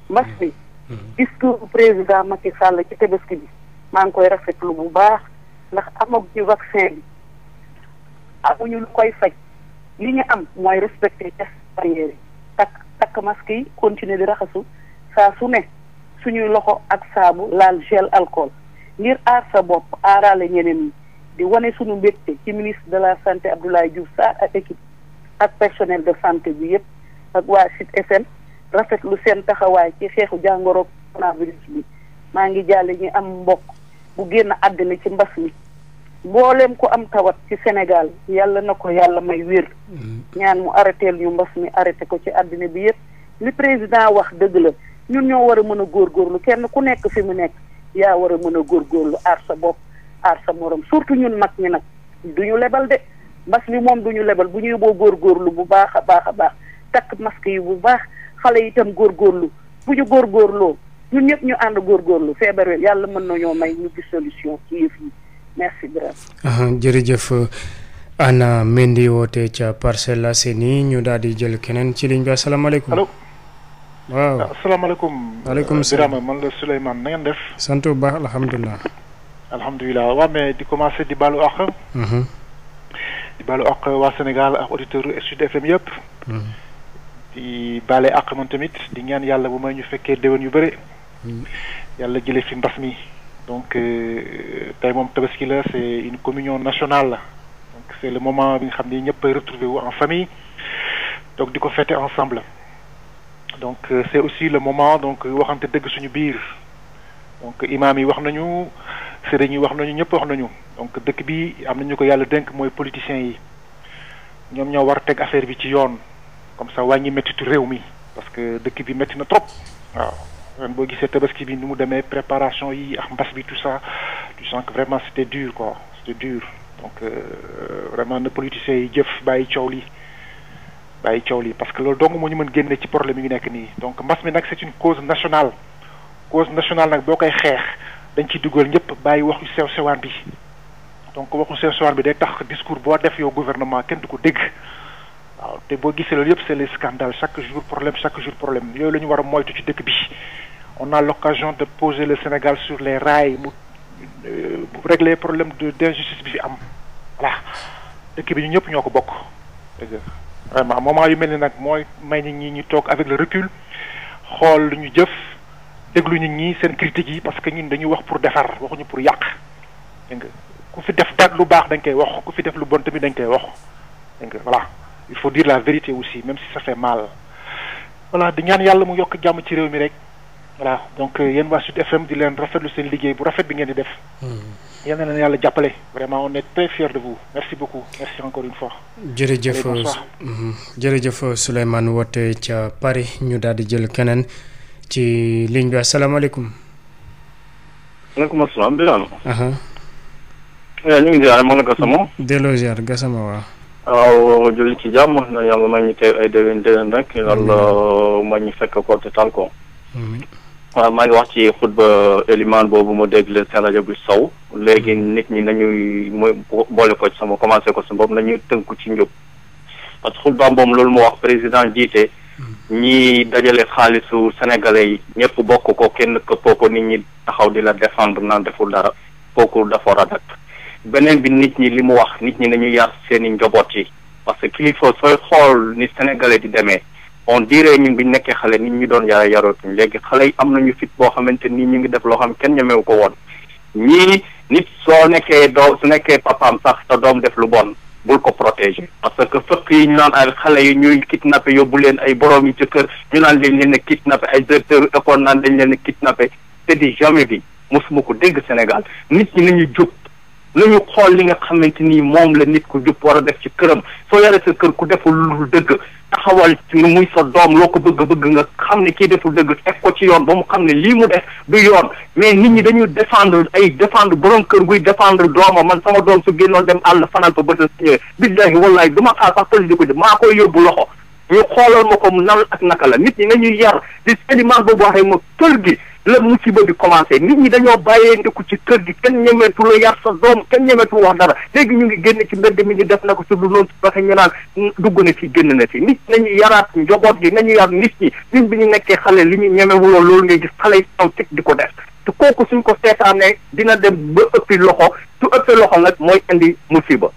mbas mi mm-hmm. discours président ki Sall ci tabaski bi maa ngi koy rafetlu bu baax ndax amag ci vaccin bi amuñu lu koy faj li ñu am mooy respecter gestes barrières takk takk continuer di raxasu saa su ne suñuy loxo ak saabu laal gel alcool ngir aar sa bopp aarale ñeneen yi di wane suñu mbégte ci ministre de la santé Abdoulaye Diouf Sarr ak équipe ak personnel de santé bi yëpp ak waa Sud rafet lu seen taxawaay ci xeexu jàngoro coronavirus bi maa ngi jàlle ñi am mbokk bu génn àddina ci mbas mi mboolem ku am tawat ci Sénégal yàlla na ko yàlla may wér mm-hmm. ñaan mu arrêté ñu mbas mi arrêté ko ci àddina bi yëpp li président wax dëgg la ñun ñoo war a mën a góorgóorlu kenn ku nekk fi mu nekk yaa war a mën a góorgóorlu aar sa bopp aar sa morom surtout ñun mag mi nag duñu lebal de mbas mi moom du ñu lebal bu ñu ñuy góor góorlu bu baax a baax a baax takk masque yi bu baax xale yi tam góor góorlu bu ñu góor ñun ñëpp ñu ànd góorgóorlu feebar wi yàlla mën nañoo may ñu gis solution ci yëf yi merci Birame. jërëjëf Anna Mendy woote ca Parcelles Assainies ñu daal di jël keneen ci liñ bi asalaamaaleykum. allo waaw ah, asalaamaaleykum. waaleykum euh, salaam Birame la Souleymane na ngeen def. sant bu baax alhamdulilah. alhamdulilah waaw mais di commencé di baalu àq. Mhm. di baalu ak waa Sénégal ak auditeur Sud FM yëpp. Hmm. di baale ak man tamit di ñaan yàlla bu may ñu fekkee déwén yu bëri. Hmm. yàlla jële fi mbas mi. donc euh, tey moom tabaski la c' est une communion nationale la. donc est le moment bi nga xam ni ñëpp ay retrouver wu en famille. donc di ko fete ensemble. donc euh, c' est aussi le moment donc waxante dëgg suñu biir. donc imaam yi wax nañu. sëriñ yi wax nañu ñëpp wax nañu donc dëkk bi am nañu ko yàlla dénk mooy politiciens yi ñoom ñoo war a teg affaire bi ci yoon comme ça wàññi méttitu réew mi parce que dëkk bi métti na trop waaw boo gisee tabaski bi ni mu demee préparation yi ak mbas bi tout ça tu sens que vraiment c'était dur ko c'était dur donc euh, vraiment na politiciens yi jëf bàyyi coow li bàyyi coow li parce que loolu dong moo ñu mën génne ci problème yi ñu nekk nii donc mbas mi nag c'est une cause nationale cause nationale nag boo koy xeex dañ ci dugal ñëpp bàyyi waxu sew sewaan bi donc waxu sew sewaan bi day tax discours boo def yow gouvernement kenn du ko dégg waaw te boo gisee loolu yëpp c'est les chaque jour problème chaque jour problème yooyu la ñu war a moytu ci dëkk bi on a l'occasion de poser le Sénégal sur les rails mu euh, régler problème de d'injustice bi fi am voilà dëkk bi ñu ñëpp ñoo ko bokk moom moment yu mel ni nag mooy may nit ñi ñu toog avec le recul xool lu ñu jëf déglu nit ñi seen critiques yi parce que ñun dañuy wax pour defar waxuñu pour yàq ku fi def daal lu baax dañ koy wax ku fi def lu bon tamit dañ koy wax dégg nga voilà il faut dire aussi même si ça fait mal voilà di ñaan yàlla mu yokk jàmm ci réew mi rek voilà donc euh, yéen waa Sud FM di leen rafetlu seen liggéey bu rafet bi ngeen di def. Hmm. yenn na leen yàlla jàppale vraiment on est très fiers de vous merci beaucoup merci encore une fois. jërëjëf hmm, jërëjëf Souleymane woote ca Paris ñu daal di jël keneen. ci ligne bi asalaamaaleykum. maaleykum salaam Birame. yaa eh, ñu ngi ziar ma dello Gassama. delloo ziar Gassama waaw. waaw ci jàmm na yàlla may ñu teew ay déwén déwén rek yàlla may ñu fekk ko te tal ko. waaw maa ngi wax ci xutba élimaan boobu ma dégg leen rajo bi saw léegi nit ñi nañuy mooy boole ko ci sama commencé ko sama bopp nañuy tënku ci njub parce que loolu moo wax président jiite. ñii dajale xaalisu sénégalais yi ñëpp bokk ko kenn këppoo ko nit ñi taxaw di la defendre naan deful dara kooku dafa war a beneen bi nit ñi li mu wax nit ñi nañu yar seeni njoboot yi parce que kilifa sooy xool ni sénégalais di demee on dirait ñu bi ñu nekkee xale nit ñu doon yara yarootuñ léegi xale yi am nañu fit boo xamante ni ñu ngi def loo xam kenn ñemewu ko woon ñii nit soo nekkee doo su nekkee papaam sax te doom def lu bon bul ko protéger parce que fëkk yi ñu naan ay xale yi ñuy kidnappé yóbbu leen ay borom yi ci kër ñu naan dañ leen a kidnappé ay directeur école naan dañ leen a kidnappé te di jamais bi mosuma ko dégg Sénégal nit ñi nañu jub nañu xool li nga xamante ni moom la nit ku jub war a def ci këram soo yore sa kër ku deful lu dëgg taxawal nu muy sa doom loo ko bëgg-bëgg nga xam ne kii deful dëgg teg ko ci yoon ba mu xam ne lii mu def du yoon mais nit ñi dañuy défendre ay défendre borom kër guy défendre doomam man sama doom su génnoon dem àll fanaan fa bëtal si ñëwee billaahi wallaahi du ma xaar sax pël di ko def maa koy yóbbu loxo ñu xoolal ma ko nan ak naka la nit ñi nañuy yar di sédiment boobu waxee ma kër gi la musiba di commencé nit ñi dañoo bàyyee ndiku ci kër gi kenn ñemeetu la yar sa doom kenn ñemeetu wax dara léegi ñu ngi génn ci mbedd mi ñu def na ko su lu noonu su fexe ñu naan dugg na fi génn na fi nit nañu yaraat njoboot gi nañu yar nit ñi nit bi ñu nekkee xale li ñu ñemewuloon loolu ngay gis xale yi taw teg di ko def te kooku suñ ko seetaanee dina dem ba ëppi loxo su ëppee loxo nag mooy indi musiba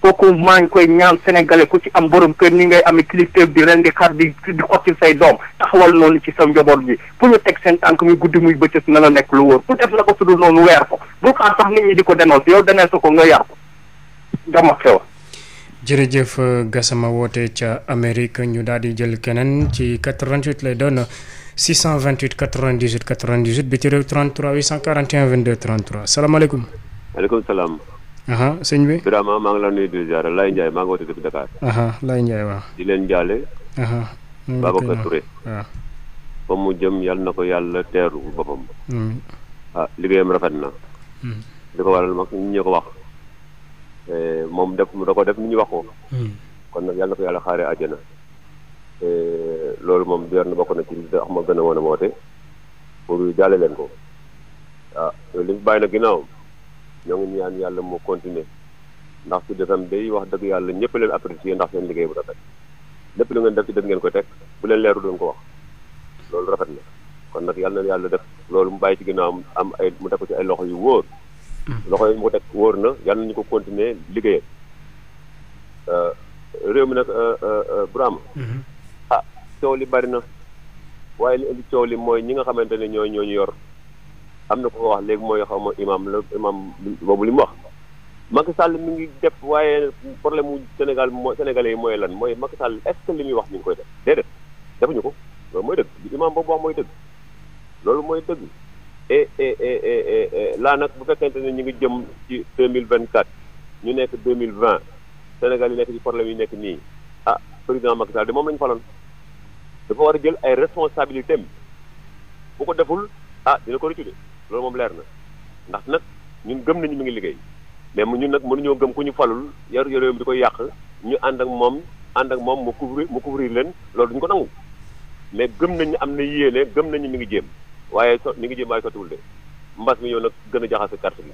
kooku maa ngi koy ñaan sénégalais ku ci am borom kër ni ngay amee kilifteef di rendi xar di di say doom taxawal noonu ci sa njaboot bi fu ñu teg seen tànk muy guddi muy bëccëg na la nekk lu wóor ku def la ko sudul noonu weer ko bu xaar sax nit ñi di ko dénoncé yow dénoncé ko nga yar ko dama xewa jërëjëf euh, Gassama woote ca Amérique ñu daal di jël keneen ci 88 lay doon 628 98 98 bi ci réew 33 841 22 33 salaamaaleykum. waaleykum salaam. sëñ bi. Birama maa ngi la nuyu di ziar Laye Ndiaye maa ngi woote depuis Dakar. Laye Ndiaye di leen jaale. Babacar mu jëm yàlla na ko yàlla teeru boppam. ah liggéeyam rafet na. Hmm. li ko waral mag ñi ñu ko wax. moom def da ko def ni ñu wax ko. Hmm. kon yàlla na ko yàlla xaaree àjjana. loolu moom biir na bokk na ci li tax ma gën a woon woote pour jaale leen ko. waaw ah, li mu bàyyi na ginnaawam. ñoo ngi ñaan yàlla mu continuer ndax Sud FM day wax dëgg yàlla ñëpp leen apprécier ndax seen liggéey bu rafet lépp lu ngeen def ci dëgg ngeen ko teg bu leen leeru doon ko wax loolu rafet na kon nag yàlla na yàlla def loolu mu bàyyi ci ginnaawam am ay mu teg ko ci ay loxo yu wóor hmm. loxo yi mu ko teg wóor na yàlla nañu ko continuer liggéeyal euh, réew mi nag euh, euh, ama hmm. ah coow li bari na waaye li indi coow li mooy ñi nga xamante ne ñoo ñooñu yor am na ko ko wax léegi mooy xaw ma imam la imam boobu li mu wax Macky Sall mi ngi def waaye problème mu Sénégal mooy sénégalais yi mooy lan mooy Macky Sall est-ce que li muy wax ñu ngi koy def déedéet defuñu ko loolu mooy dëgg li imam boobu wax mooy dëgg loolu mooy dëgg laa nag bu fekkente ne ñu ngi jëm ci deux mille vingt quatre ñu nekk deux mille vingt Sénégal yi nekk ci problème yi nekk nii ah président Macky Sall de moom lañu faloon dafa war a jël ay responsabilités am ko deful ah, ko rëccu loolu moom leer na ndax nag ñun gëm nañu mu ngi liggéey mais mu ñun nag mënuñoo gëm ku ñu falul yor yor bi di koy yàq ñu ànd ak moom ànd ak moom mu couvrir mu couvrir leen loolu duñ ko nangu mais gëm nañu am na yéene gëm nañu mi ngi jéem waaye so mi ngi jéem waaye sottiwul de mbas mi ñëw nag gën a jaxase carte bi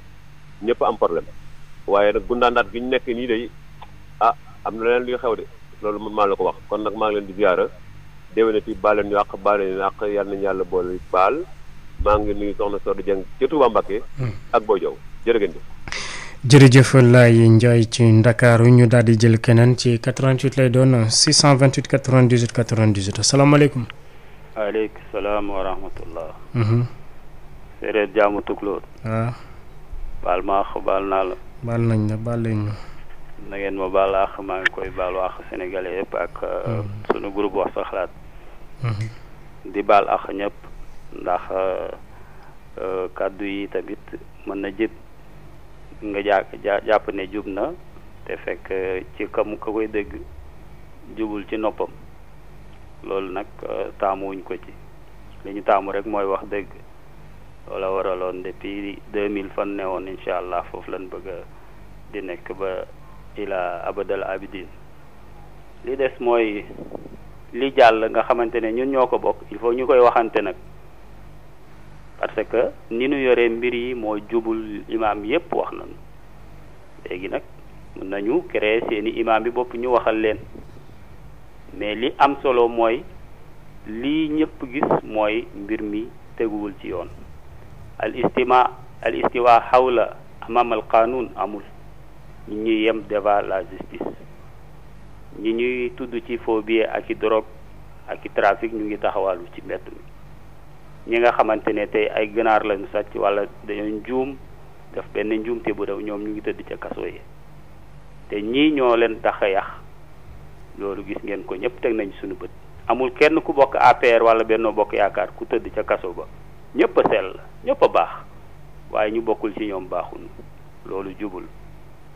ñëpp am problème waaye nag gundaandaat gi ñu nekk nii day ah am na leen luy xew de loolu man maa la ko wax kon nag maa ngi leen di ziara déwénati baal leen ñu àq baal leen àq yàlla nañu yàlla boole baal maa ngi nuyu soxna Sodou Dieng ca Touba Mbacké hmm. ak Boy Diaw jërë ngeen jëf jërëjëf Laye ci Ndakaaru ñu daal di jël keneen ci 88 lay doon 628 98 98 asalaamaaleykum. waaleykum salaam wa rahmatullah. Hmm. séeréer jaamu tukulóor. waaw. Ah. baal ma àq baal naa la. baal nañ la baal nañ la. na ngeen ma baal àq maa ngi koy baal àq sénégalais yëpp ak. Hmm. Euh, sunu groupe wax sa xalaat. di baal àq ñëpp. ndax euh, euh, kàddu yi tamit mën na jëpp nga jaa jàpp ne jub na te fekk euh, ci kam ka koy dégg jubul ci noppam loolu nag wuñ ko ci li ñu taamu rek mooy wax dëgg loola waraloon depuis deux mille fan ne woon incha allah foofu lañ bëgg di nekk ba ila abadal abidin li des mooy li jàll nga xamante ne ñun ñoo ko bokk il faut ñu koy waxante nag parce que ni nu yore mbir yi moo jubul imaam yépp wax nañu léegi nag mën nañu créer seeni imaam bi bopp ñu waxal leen mais li am solo mooy lii ñëpp gis mooy mbir mi teguwul ci yoon al istima al istiwa xawla amam al qanun amul ñi ñuy yem devant la justice ñi ñuy tudd ci phobie ak i drogue ak i trafic ñu ngi taxawaalu ci mbedd mi ñi nga xamante ne tey ay ganaar lañu sàcc wala dañu juum def benn njuumte bu daw ñoom ñu ngi tëdd ca kaso yi te ñii ñoo leen tax a loolu gis ngeen ko ñëpp teg nañ suñu bët amul kenn ku bokk APR wala Benno Bokk Yaakaar ku tëdd ca kaso ba ñëpp a sell ñëpp a baax waaye ñu bokkul ci ñoom baaxuñu loolu jubul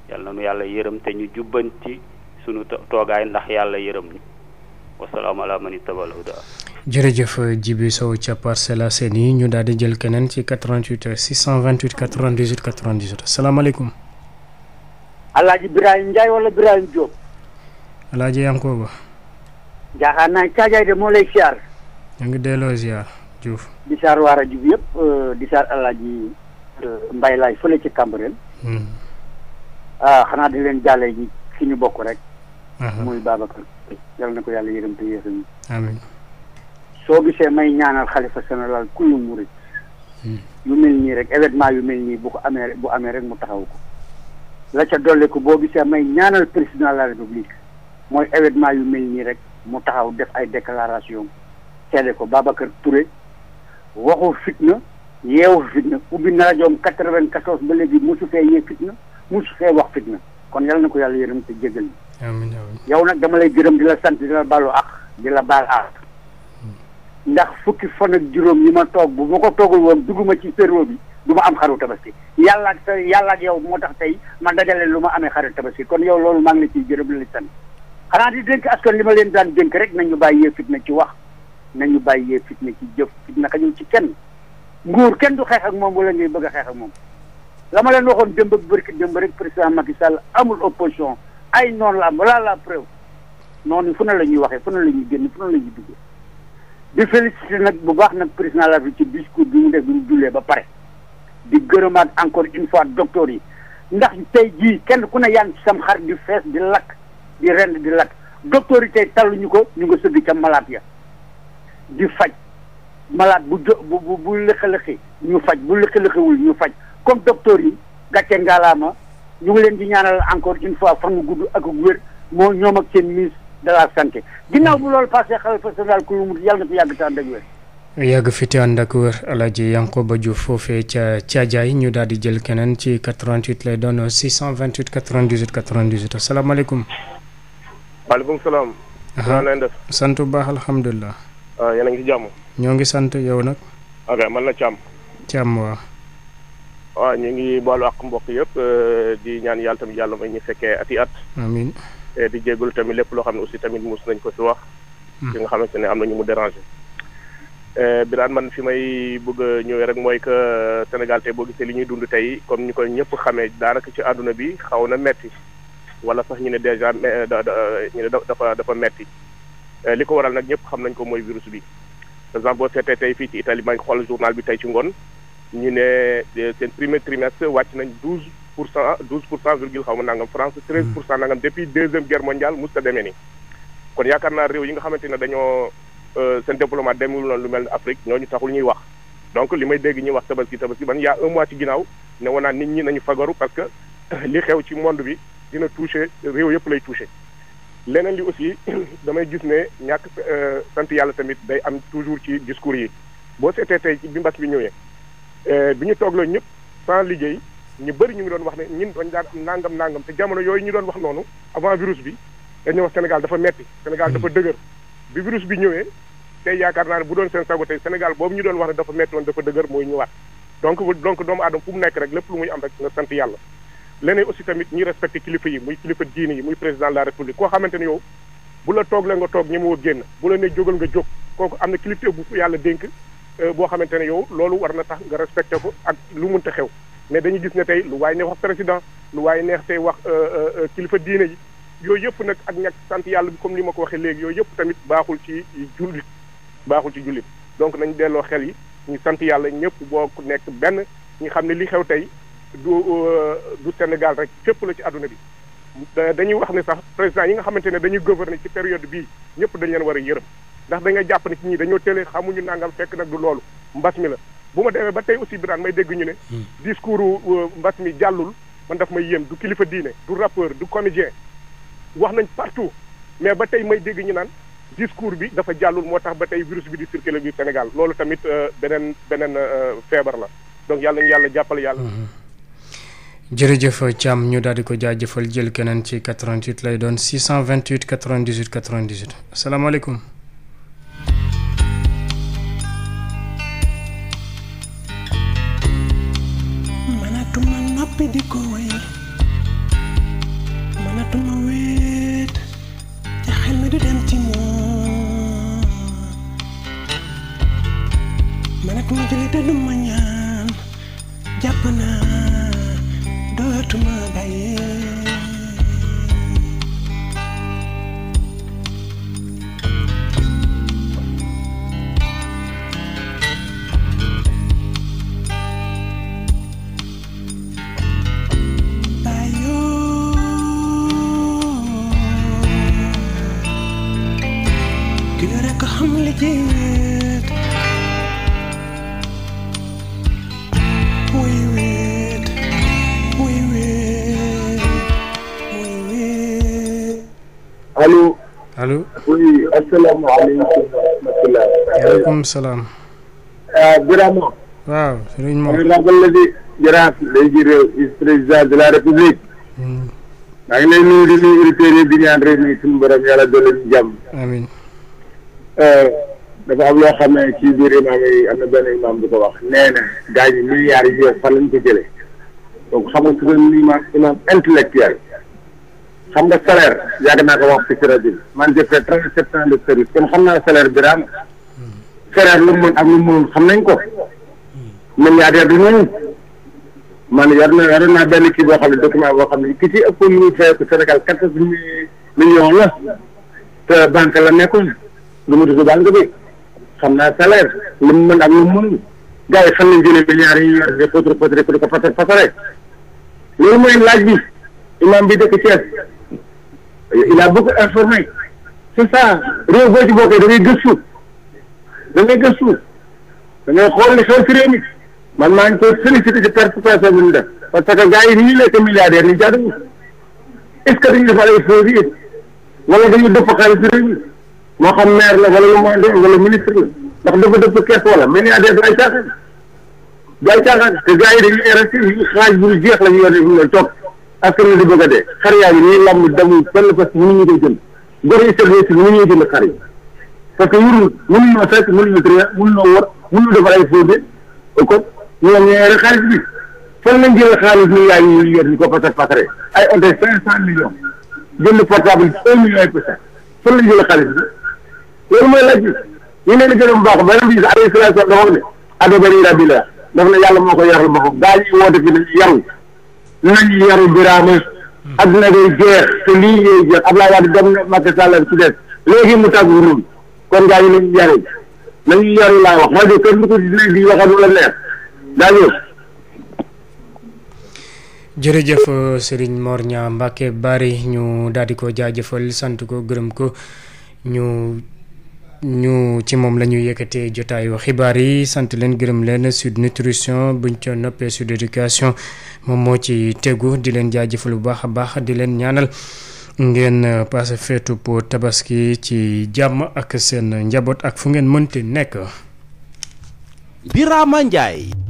yal na nu yàlla yërëm te ñu jubbanti sunu toogaay ndax yàlla yërëm ñu wasalaamaalaa man jërëjëf jibi Sow ca Parcelles Assainies yi ñu daal di jël keneen ci 88 628 98 98 asalaamaaleykum. El Hadj Birahim Ndiaye wala Birahim Diop. El Hadj Yankoba. jaaxaan naa caajaay de moo lay siyaar. ñu ngi delloo ziar Diouf. di siyaar waa rajo bi yëpp euh, di siyaar El euh, Hadj Mbaye laay fële ci Cambérène. Hmm. ah xanaa di leen jàllee ji ki ñu bokk rek. muy Babacar yal na ko yàlla yërëm te yéexal ñu. soo gisee may ñaanal xalifa général kullu murit yu mel nii rek événement yu mel nii bu ko amee bu amee rek mu taxaw ko la ca dolli ko boo gisee may ñaanal président la république mooy événement yu mel nii rek mu taxaw def ay déclaration seede ko Babacar Touré waxu fitna yeewu fitna ubbi na rajoom quatre-vingt-quatorze ba léegi mosu fee yee fitna mosu fee wax fitna kon yal na ko yàlla yërëm te jégal amiin yow nag dama lay gërëm di la sant di la di la baal ak ndax fukki fan ak juróom yi ma toog bu ma ko toogul woon dugguma ci seroo bi du ma am xaru tabaski yàlla sa yàlla ak yow moo tax tey ma dajale lu ma amee xaru tabaski kon yow loolu maa ngi la ciy gërëm la sant xanaa di dénk askan li ma leen daan dénk rek nañu bàyyee fitna ci wax nañu bàyyee fitna ci jëf fitna xajul ci kenn nguur kenn du xeex ak moom wala ngay bëgg a xeex ak moom la ma leen waxoon démb ak bërki démb rek président Macky Sall amul opposition ay noonu la am wala la preuve noonu ne la ñuy waxee fu ne la génn fu ne la ñuy di félicité nag bu baax nag président la ci discours bi mu def bi mu jullee ba pare di gërëmaat encore une fois docteur yi ndax tey jii kenn ku ne yaa ngi ci sam xar di fees di lakk di rend di lakk docteur yi tey talluñu ko ñu nga sëgg ca malaat ya di faj malaat bu jo bu bu bu lëxalëxi ñu faj bu lëxalëxiwul ñu faj comme docteur yi gàcce ngaalaama ñu ngi leen di ñaanal encore une fois fan gudd ak wér moo ñoom ak seen ministre de la santé ginnaaw bu loolu passé xawe personnel ku mu yàlla na fi yàgg te ànd ak wér yàgg fi te ànd ak wër Alaaji Yankoba Diouf foofee ca Thiadiaye ñu daal di jël keneen ci 88 lay doon 628 98 98 asalaamaaleykum. maaleykum salaam. naa leen def. sant bu baax alhamdulilah. waaw ah, yéen a ci jàmm. ñoo ngi sant yow nag. ok man la Thiam. Thiam waaw. Ah, ñu ngi baalu ak mbokk yëpp euh, di ñaan yàlla tamit yàlla may ñu fekkee ati at. amiin. Eh, di jégalu tamit lépp loo xam ne aussi tamit mus nañ ko si wax. li hmm. nga xamante ne am na ñu mu dérangé. Eh, Birane man fi may bëgg ñëwee rek mooy que euh, Sénégal tey boo gisee li ñuy dund tey comme ni ko ñëpp xamee daanaka ci àdduna bi xaw na metti wala sax ñu ne dèjà euh, euh, ñu ne dafa dafa metti eh, li ko waral nag ñëpp xam nañ ko mooy virus bi par exemple boo seetee tey fii ci Italie maa ngi xool journal bi tey ci ngoon ñu ne seen premier trimestre wàcc nañ douze pour cent douze pour cent virgule xaw ma nangam France treize pour cent nangam depuis deuxième guerre mondiale mos ta ni kon yaakaar naa réew yi nga xamante ne dañoo euh, seen développement demul noonu lu mel ne Afrique ñooñu taxul ñuy wax donc li may dégg ñuy wax tabaski tabaski man y'a un mois ci ginnaaw ne woon naa nit ñi nañu fagaru parce que li xew ci monde bi dina touché réew yëpp lay touché leneen li aussi damay gis ne ñàkk euh, sant yàlla tamit day am toujours ci discours yi boo seetee tey ci bi mbas bi ñëwee euh, bi ñu toogloo ñëpp sans liggéey ñu bëri ñu ngi doon wax ne ñun dañ daan am nangam nangam te jamono yooyu ñu doon wax noonu avant virus bi dañu wax Sénégal dafa metti Sénégal dafa dëgër bi virus bi ñëwee tey yaakaar naa ne bu doon seen sago tey Sénégal boobu ñu doon wax ne dafa metti woon dafa dëgër mooy ñëwaat donc donc doomu aadama fu mu nekk rek lépp lu muy am rek nga sant yàlla leneen aussi tamit ñuy respecté kilifa yi muy kilifa diine yi muy président de la république koo xamante ne yow bu la toog la nga toog ñi moo génn bu la ne nga jóg kooku am na kilifa bu yàlla dénk euh, boo xamante ne yow loolu war na tax nga respecté ko ak lu munta xew mais dañu gis ne tey lu waaye neex président lu waaye neex tey wax euh, euh, euh, kilifa diine yi yooyu yëpp nag ak ñàkk sant yàlla bi comme li ma ko waxee léegi yooyu yëpp tamit baaxul ci jullit baaxul ci jullit donc nañ delloo xel yi ñu sant yàlla ñëpp boo nekk benn ñu xam ne li xew tey du du Sénégal rek fépp la ci àdduna bi dañuy wax ne sax président yi nga xamante ne dañuy gouverner ci période bi ñëpp dañ leen war a yërëm ndax da nga jàpp ne ci ñii dañoo télé xamuñu nangam fekk nag du loolu mbas mi la bu ma demee ba tey aussi biraan may dégg ñu ne hmm. discours euh, mbas mi jàllul man daf may yéem du kilifa diine du rappeur du comédien wax nañ partout mais ba tey may dégg ñu naan discours bi dafa jàllul moo tax ba tey virus bi di circuler biir Sénégal loolu tamit euh, beneen beneen euh, feebar la donc yàlla ñu yàlla jàppale yàlla hmm. jërëjëf Thiam ñu daal di ko jaajëfal jël keneen ci 88 lay doon 628 98 98 asalaamaaleykum mënatuma nappi di ko wéy mënatuma wéy maaleykum salaam. ah Birama. waaw sëriñ Mor. la di jaraaf léegi réew président de la république. Hmm. maa ngi lay nuyu di nuyu auditeurs yi di ñaan réew mi suñu borom yàlla dolli ñu jàmm. amiin. Eh, dafa am xam ne ci biir na yi am na benn imaam bu ko wax nee na daañu milliards yi fan lañ ko jëlee donc xam nga su doon imaam imaam intellectuel xam nga salaire yàgg naa ko wax ci rajo bi man j'ai fait trente sept ans de service kon xam naa salaire bi Kayar lu mu mën ak lu mu mënul xam nañ ko milliardaire du noonu man yor na yor naa benn kii boo xam ne document boo xam ne ki ci ëpp ñu fay ko Sénégal quatorze millions la te banque la nekkoon lu mu dugg banque bi xam naa salaire lu mu mën ak lu mu mënul gars yi fan lañ jëlee milliards yi yor de potre potre pour ko fasal fasale loolu laaj bi imam bi dëkk Thiès la a beaucoup informé c'est ça boo ci bokkee da ngay gëstu da ngay gëstu da ngay xool li xew ci réew mi man maa ngi koy félicité ci participation bi mu def parce que gars yi ni ñuy lekk milliardaires yi jaaduwul est ce que dañu def ay feu yi it wala dañu dëpp xaalis ci réew mi moo xam maire la wala lu mu doon wala ministre la ndax dafa dëpp kees wala milliardaire du ay caaxaan du ay caaxaan te gars yi dañuy erreur xaaj bu jeex la ñu yor ñu leen toog askan wi di bëgg a dee xar yaa ngi nii lamb demul fenn parce que mënuñu koy jënd góor yi service mënuñu jënd xar parce que mënuñu mënuñu fekk mënuñu créé mënuñu war mënuñu defar ay fóote kon ñoom ñooy xaalis bi fan lañ jëlee xaalis milliards yi ñu yor ñu ko pasar pasaree ay oto cinq cent millions jënd portable un million et poussière fan lañ jëlee xaalis bi loolu mooy laaj bi ñu ne la gërëm baax ba ren bii sa alayhi salaatu dafa wax ne ado la daf ne moo ko yaral boppam gaa ñuy woote fi nañu yaru nañu yaru biraama adduna day jeex te lii ngay jeex Abdoulaye Wade dem na Macky Sall ci des léegi mu tàggu kon gaa yi nañu yare nañu yare laa wax rajo kenn du ko di waxal lu la neex daa ñëw. jërëjëf euh, daal di ko jaajëfal sant ko gërëm ko ñu ñu ci moom la ñuy yëkkatee jotaayu xibaar yi sant leen gërëm leen sud nutrition buñ ca noppee sud éducation moom moo ci tegu di leen jaajëfal bu baax a baax di leen ñaanal. ngeen euh, passé feetu pour tabaski ci jàmm ak seen njaboot ak fu ngeen mënti nekk. Birama Ndiaye.